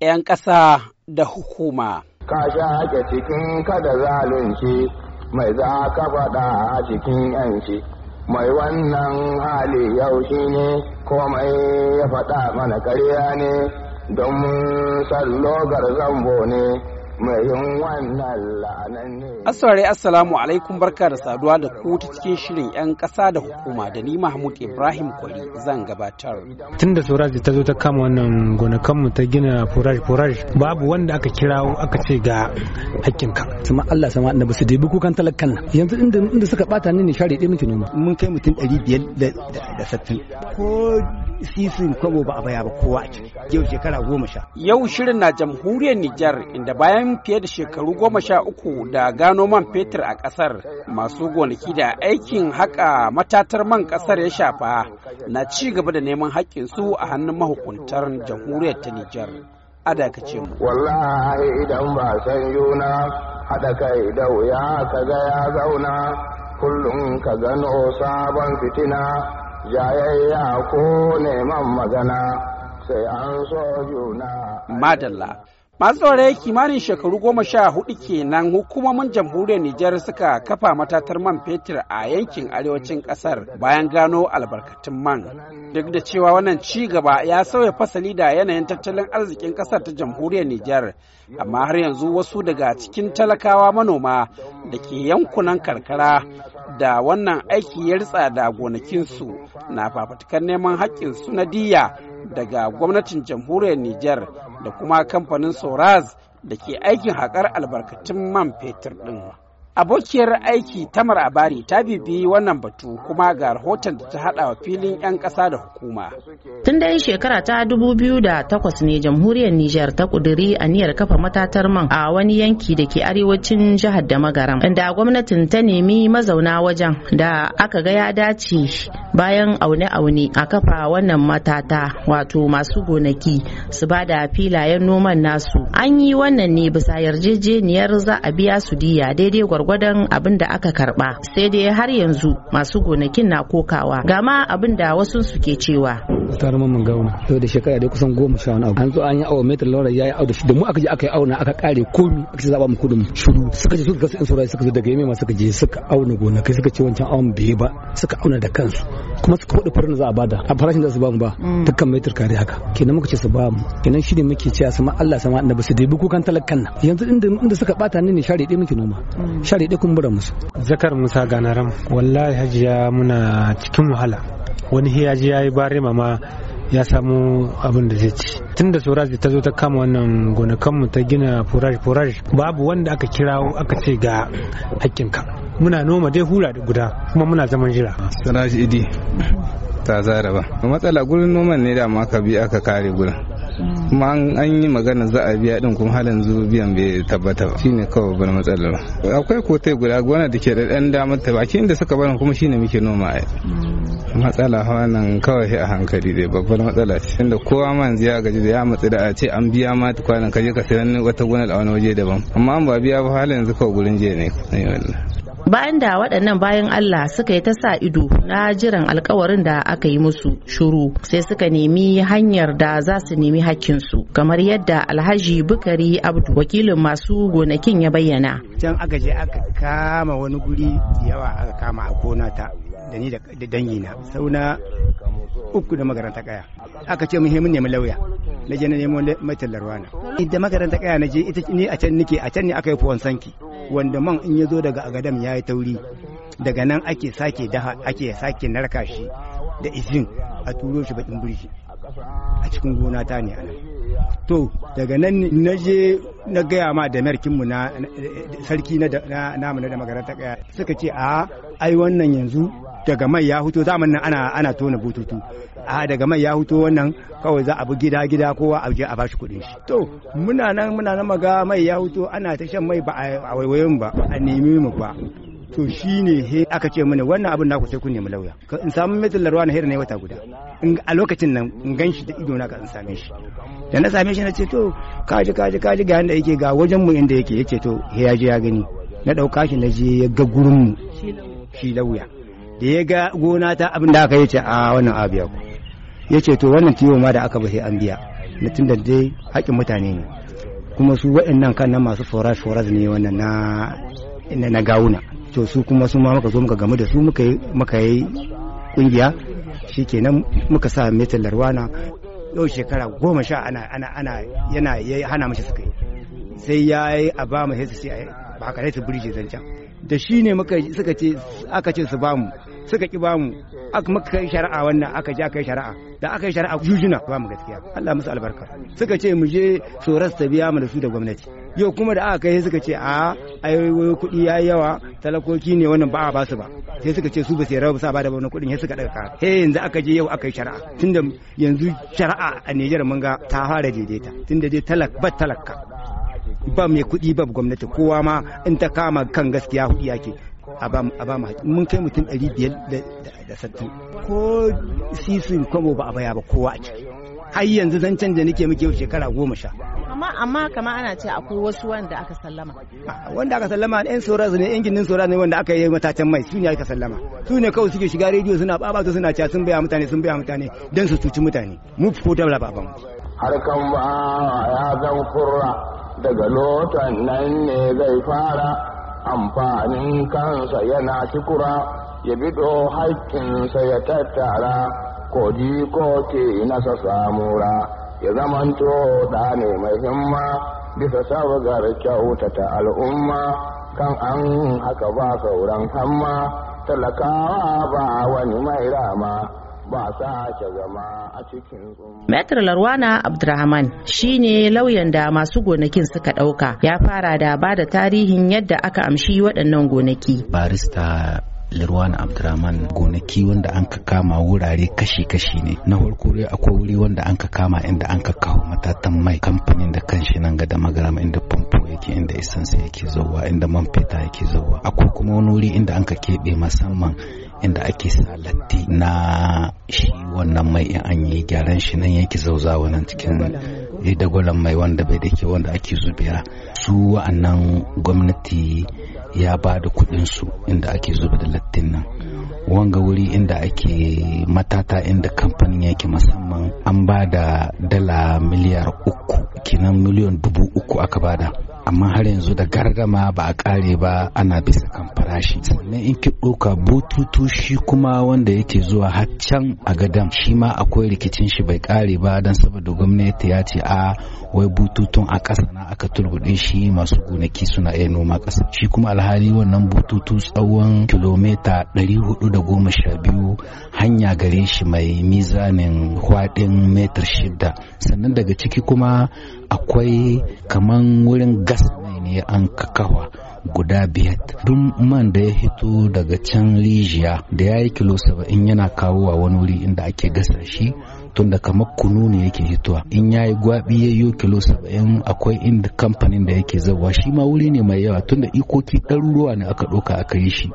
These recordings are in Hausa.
'yan ƙasa da hukuma. Ka ke cikin kada zalunci mai za ka faɗa a cikin yanci mai wannan hali yau shi ne komai ya faɗa mana karya ne don sallogar zambo ne. Assarai Assalamu alaikum barka da saduwa da ku ta cikin shirin 'yan ƙasa da hukuma da ni Mahmud Ibrahim Kwari zan gabatar. Tun da Suraj ta zo ta kama wannan gonakanmu ta gina furaj furaj babu wanda aka kirawo aka ce ga hakkinka. Sama Allah sama annabi su dubi kukan talakan nan. Yanzu inda inda suka bata ni ne share ɗaya muke noma. Mun kai mutum ɗari biyar da Ko sisin kwabo ba a baya ba kowa a ciki yau shekara goma sha. Yau shirin na jamhuriyar Nijar inda bayan fiye da shekaru goma sha uku da gano man fetur a ƙasar masu gonaki da aikin haƙa matatar man ƙasar ya shafa na ci gaba da neman haƙƙinsu a hannun mahukuntar jamhuriyar ta Nijar. a ce mu. Wallahi idan ba san yuna haɗa kai da wuya ka ga ya zauna kullum ka gano sabon fitina jayayya ko neman magana sai an so juna. Madalla. Masu saurayi kimanin shekaru goma sha hudu kenan hukumomin jamhuriyar Nijar suka kafa matatar man fetur a yankin arewacin kasar bayan gano albarkatun man. Duk da cewa wannan ci gaba ya sauya fasali da yanayin tattalin arzikin kasar ta jamhuriyar Nijar, amma har yanzu wasu daga cikin talakawa manoma da ke yankunan karkara da wannan aiki ya ritsa da gonakinsu na fafutukar neman haƙƙin sunadiyya daga gwamnatin jamhuriyar Nijar da kuma kamfanin Soraz da ke aikin haƙar albarkatun man fetur ɗin. Abokiyar aiki Tamar Abari ta bibi wannan batu kuma ga rahoton da ta hada wa filin 'yan ƙasa da hukuma. Tun dai shekara ta 2008 ne jamhuriyar Nijar ta kuduri aniyar kafa matatar man a wani yanki da ke arewacin jihar da magaram inda gwamnatin ta nemi mazauna wajen da aka ga ya dace bayan aune-aune a kafa wannan matata wato masu gonaki su ba da filayen noman nasu. An yi wannan ne bisa yarjejeniyar za a biya su diya daidai gwargwadon abin da aka karba sai dai har yanzu masu gonakin na kokawa gama abin da wasu suke cewa tare mun gauna to da shekara dai kusan goma sha wani abu an zo an yi awo metal laura yayi awo da shi da mu aka je aka yi na aka kare komi aka ce zaba mu kudin shuru suka je suka ga sun saurayi suka zo daga yamma suka je suka auna gona kai suka ce wancan awon biye ba suka auna da kansu kuma suka hudu farin za a bada a farashin da su ba mu ba mm. dukkan metal kare haka kenan muka ce su ba mu kenan shine muke cewa sama Allah sama annabi su dai kukan talakkan nan yanzu inda inda suka bata ne ne share dai muke noma mm. kare da bura musu zakar musa ganaram wallahi hajiya muna cikin wahala wani hiyaji ya yi bare mama ya samu abin da zai ci tun da suraj ta zo ta kama wannan gonakanmu ta gina furaj furaj babu wanda aka kira aka ce ga hakkinka muna noma dai hula da guda kuma muna zaman jira suraj idi ta zaraba matsala gurin noman ne da ma aka bi aka kare gurin kuma an yi magana za a biya din kuma halin yanzu biyan bai tabbata ba shine kawai bana matsalar akwai kotai guda gona da ke da dan damar ta baki inda suka bani kuma shine muke noma a mm. matsala wannan kawai a hankali dai babbar matsala ce inda kowa man ya gaji da ya matsi da a ce an biya ma kwanan kaje ka sayan wata gonar a wani waje daban amma an ba biya ba halin yanzu kawai gurin je ne bayan da waɗannan bayan Allah suka yi ta sa ido na jiran alkawarin da aka yi musu shuru sai suka nemi hanyar da za su nemi hakkinsu kamar yadda alhaji bukari abdu wakilin masu gonakin ya bayyana can aka je aka kama wani guri yawa aka kama a gona ta da ni da dangina na uku da magaranta kaya aka ce muhimmin nemi lauya na je na nemo mai tallarwa na idan makaranta kaya na je ita ni a can nike a can ne aka yi fuwan sanki wanda man in ya zo daga agadam ya yi tauri daga nan ake sake daha ake sake narka shi da izin a turo shi bakin birji a cikin gona ta ne anan to daga nan na je na gaya ma da merkinmu na eh, sarki na namu na da makaranta kaya suka ce a ai wannan yanzu daga mai ya huto zamanin ana ana tona bututu a daga mai ya huto wannan kawai za a bi gida gida kowa a je a bashi kuɗin shi to muna nan muna nan maga mai ya huto ana ta shan mai ba a waiwayen ba a nemi mu ba to shi ne he aka ce mana wannan abin naku sai kun nemi lauya in samu mai larwa na hira ne wata guda a lokacin nan in gan shi da ido na ka in same shi da na same shi na ce to kaji kaji kaji ga yanda yake ga wajen mu inda yake yace to he ya je ya gani na dauka shi na je ya ga gurin mu shi lauya da ya ga gona ta abin da aka yi ce a ah, wannan abiya ku ya ce to wannan kiwo ma da aka ba an biya na tun da dai haƙƙin mutane ne kuma su waɗannan kan na masu forage forage ne wannan na na gawuna to su kuma su ma muka zo muka gamu da su muka yi muka yi kungiya shikenan muka sa metal larwana yau shekara goma sha ana ana ana yana hana mashi suka yi sai ya yi a ba mu sai su ce ba ka ne ta birje zancen da shi ne suka ce aka ce su bamu suka ki bamu aka maka kai shari'a wannan aka ji aka yi shari'a da aka yi shari'a jujuna ba mu gaskiya Allah musu albarka suka ce mu je tsoras ta biya mu da su da gwamnati yau kuma da aka kai suka ce a ayoyi kudi ya yawa talakoki ne wannan ba a ba su ba sai suka ce su ba sai rabu sa ba da wannan kuɗin sai suka daga ka he yanzu aka je yau aka yi shari'a tunda yanzu shari'a a Nijar mun ga ta fara daidaita tunda dai talak ba talaka ba mai kuɗi ba gwamnati kowa ma in ta kama kan gaskiya hudu yake a ba mu mun kai mutum 560 ko sisin kwamo ba a baya ba kowa a ciki har yanzu zan canja nake muke shekara goma sha amma amma kama ana ce akwai wasu wanda aka sallama wanda aka sallama yan sora ne yan ginin sora ne wanda aka yi matatan mai su ne aka sallama su ne kawai suke shiga rediyo suna babatu suna cewa sun baya mutane sun baya mutane don su cuci mutane mu ko dabla baban harkan ba ya zan kurra daga lotan nan ne zai fara amfanin kansa yana cikura ya bido haƙƙinsa ya tattara ji ko ke nasa samura ya zamanto da ne mai himma bisa sabgar kyautata al'umma kan an haka ba sauran hamma talakawa ba wani mai rama ba Larwana Abdurrahman shi ne lauyan da masu gonakin suka ɗauka ya fara da ba da tarihin yadda aka amshi waɗannan gonaki. Barista lirwana abdurrahman gonaki wanda an ka kama wurare kashi-kashi ne na farko dai akwai wuri wanda an ka kama inda an ka kawo matatan mai kamfanin da kanshi nan ga da magarama inda pompo yake inda isansa yake zauwa inda man feta yake zauwa akwai kuma wani wuri inda an ka keɓe musamman inda ake sa latti na shi wannan mai in an yi gyaran shi nan yake zauza nan cikin dagwalon mai wanda bai da wanda ake zubiya. su wa'annan gwamnati ya ba da su inda ake zuba da lattin nan wanga wuri inda ake matata inda kamfanin yake musamman an ba da dala miliyar uku kinan miliyan dubu uku aka bada amma har yanzu da gardama ba a kare ba ana bisa kan farashi sannan in ki ɗauka bututu shi kuma wanda yake zuwa har can a gadan shi ma akwai rikicin shi bai kare ba don saboda gwamnati ya ce a wai bututun a ƙasa na aka turbuɗe shi masu gonaki suna iya noma ƙasa shi kuma alhali wannan bututu tsawon kilomita da goma sha biyu hanya gare shi mai mizanin kwaɗin metar shida sannan daga ciki kuma akwai kaman wurin gas ne an kakawa guda biyar duk man da ya hito daga can rijiya da ya yi kilo saba'in yana kawowa wani wuri inda ake gasa shi tun da kamar kunu ne yake hitowa in ya yi gwabi ya yi kilo saba'in akwai inda kamfanin da yake zawa shi ma wuri ne mai yawa tun da ikoki ɗaruruwa ne aka ɗauka aka yi shi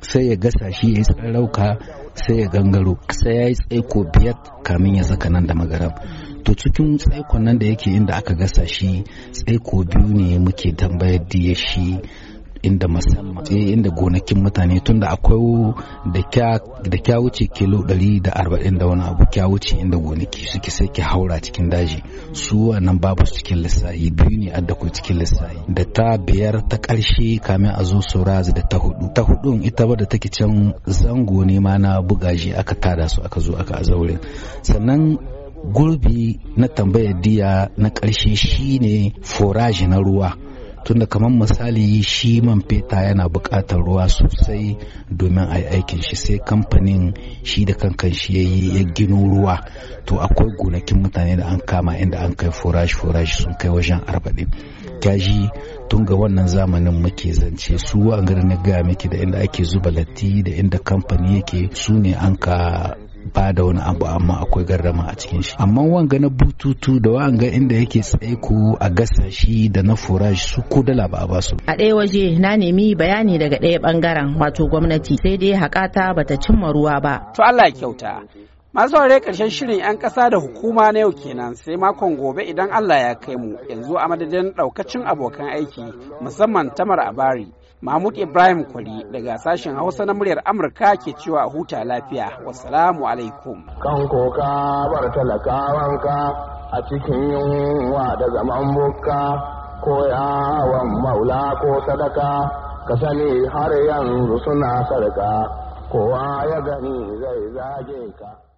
sai ya gasa shi ya yi tsarauka sai ya gangaro sai ya yi tsaiko biyar kamin ya zaka nan da magaram to cikin tsaikon nan da yake inda aka gasa shi tsaiko biyu ne muke tambayar diya shi inda musamman eh, inda gonakin mutane tunda akwai da kya wuce kilo 140 da wani abu kya wuce inda gonaki suke sai ki haura cikin daji su wannan babu cikin lissayi biyu ne adda ku cikin lissayi da ta biyar ta karshe kamin a zo soraz da ta hudu ta hudun ita ba da take can zango ne ma na bugaji aka tada su aka zo aka azaurin sannan gurbi na tambayar diya na ƙarshe shine foraji na ruwa tunda kamar misali shi man feta yana buƙatar ruwa sosai domin a yi aikin shi sai kamfanin shi da kankan shi ya yi ya gino ruwa to akwai gonakin mutane da an kama inda an kai forage forage sun kai wajen arba'in kyaji tun ga wannan zamanin muke zance su a garin na gaya maki da inda ake zuba latti da inda kamfani yake su ne an ka ba da wani abu amma akwai garrama a cikin shi amma wanga na bututu da wanga inda yake ku a gasa shi da na furashi su ko dala ba a ba su a ɗaya waje na nemi bayani daga ɗaya bangaren wato gwamnati sai dai hakata bata cimma ruwa ba to Allah ya kyauta masu aure karshen shirin 'yan ƙasa da hukuma na yau kenan sai makon gobe idan Allah ya kai mu yanzu a madadin ɗaukacin abokan aiki musamman tamar abari Mahmud Ibrahim Kwari daga sashen Hausa na muryar Amurka ke cewa huta lafiya. Wassalamu alaikum. Kan koka bar talakawanka a cikin yunwa da zaman bukka ko yawon maula ko sadaka ka sani har yanzu suna sarka kowa ya gani zai zage ka.